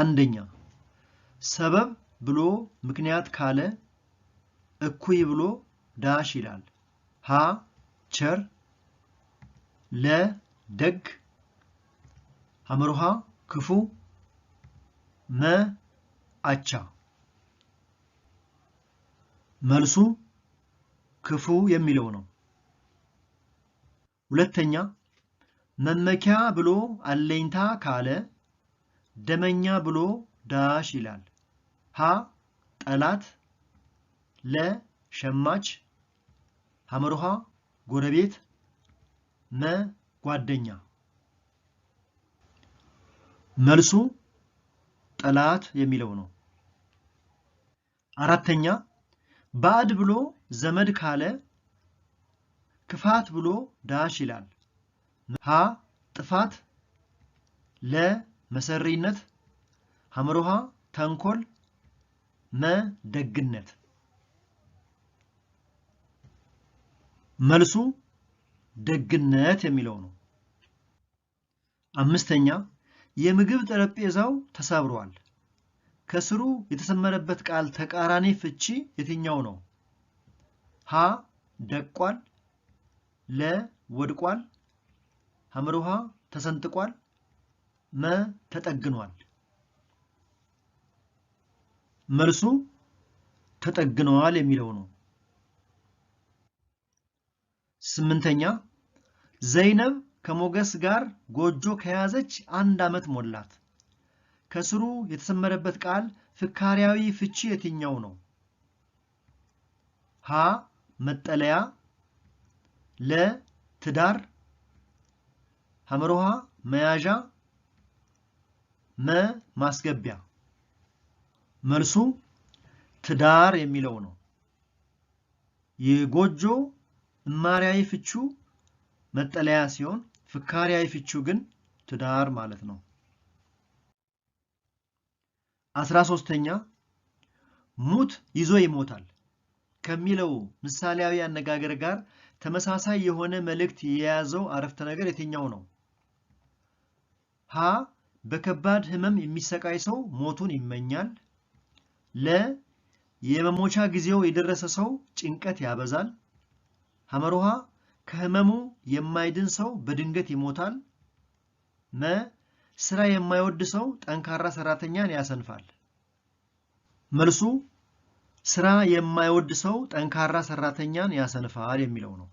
አንደኛ ሰበብ ብሎ ምክንያት ካለ እኩይ ብሎ ዳሽ ይላል። ሀ ቸር፣ ለ ደግ፣ ሐመሩሃ ክፉ፣ መ አቻ። መልሱ ክፉ የሚለው ነው። ሁለተኛ መመኪያ ብሎ አለኝታ ካለ ደመኛ ብሎ ዳሽ ይላል። ሀ ጠላት፣ ለ ሸማች፣ ሐመርሃ ጎረቤት፣ መ ጓደኛ። መልሱ ጠላት የሚለው ነው። አራተኛ ባዕድ ብሎ ዘመድ ካለ ክፋት ብሎ ዳሽ ይላል። ሀ ጥፋት፣ ለ መሰሪነት፣ ሀምሮሃ ተንኮል፣ መ ደግነት። መልሱ ደግነት የሚለው ነው። አምስተኛ የምግብ ጠረጴዛው ተሰብሯል። ከስሩ የተሰመረበት ቃል ተቃራኒ ፍቺ የትኛው ነው? ሀ ደቋል፣ ለ ወድቋል፣ ሐመርሃ ተሰንጥቋል፣ መ ተጠግኗል። መልሱ ተጠግነዋል የሚለው ነው። ስምንተኛ ዘይነብ ከሞገስ ጋር ጎጆ ከያዘች አንድ ዓመት ሞላት። ከስሩ የተሰመረበት ቃል ፍካሪያዊ ፍቺ የትኛው ነው? ሀ መጠለያ ለትዳር ሀመሮሃ መያዣ መ ማስገቢያ መልሱ ትዳር የሚለው ነው። የጎጆ እማሪያዊ ፍቹ መጠለያ ሲሆን ፍካሪያዊ ፍቹ ግን ትዳር ማለት ነው። አስራ ሶስተኛ ሙት ይዞ ይሞታል ከሚለው ምሳሌያዊ አነጋገር ጋር ተመሳሳይ የሆነ መልእክት የያዘው አረፍተ ነገር የትኛው ነው? ሀ በከባድ ህመም የሚሰቃይ ሰው ሞቱን ይመኛል። ለ የመሞቻ ጊዜው የደረሰ ሰው ጭንቀት ያበዛል። ሐመሮሃ ከህመሙ የማይድን ሰው በድንገት ይሞታል። መ ስራ የማይወድ ሰው ጠንካራ ሰራተኛን ያሰንፋል። መልሱ ስራ የማይወድ ሰው ጠንካራ ሰራተኛን ያሰንፋል የሚለው ነው።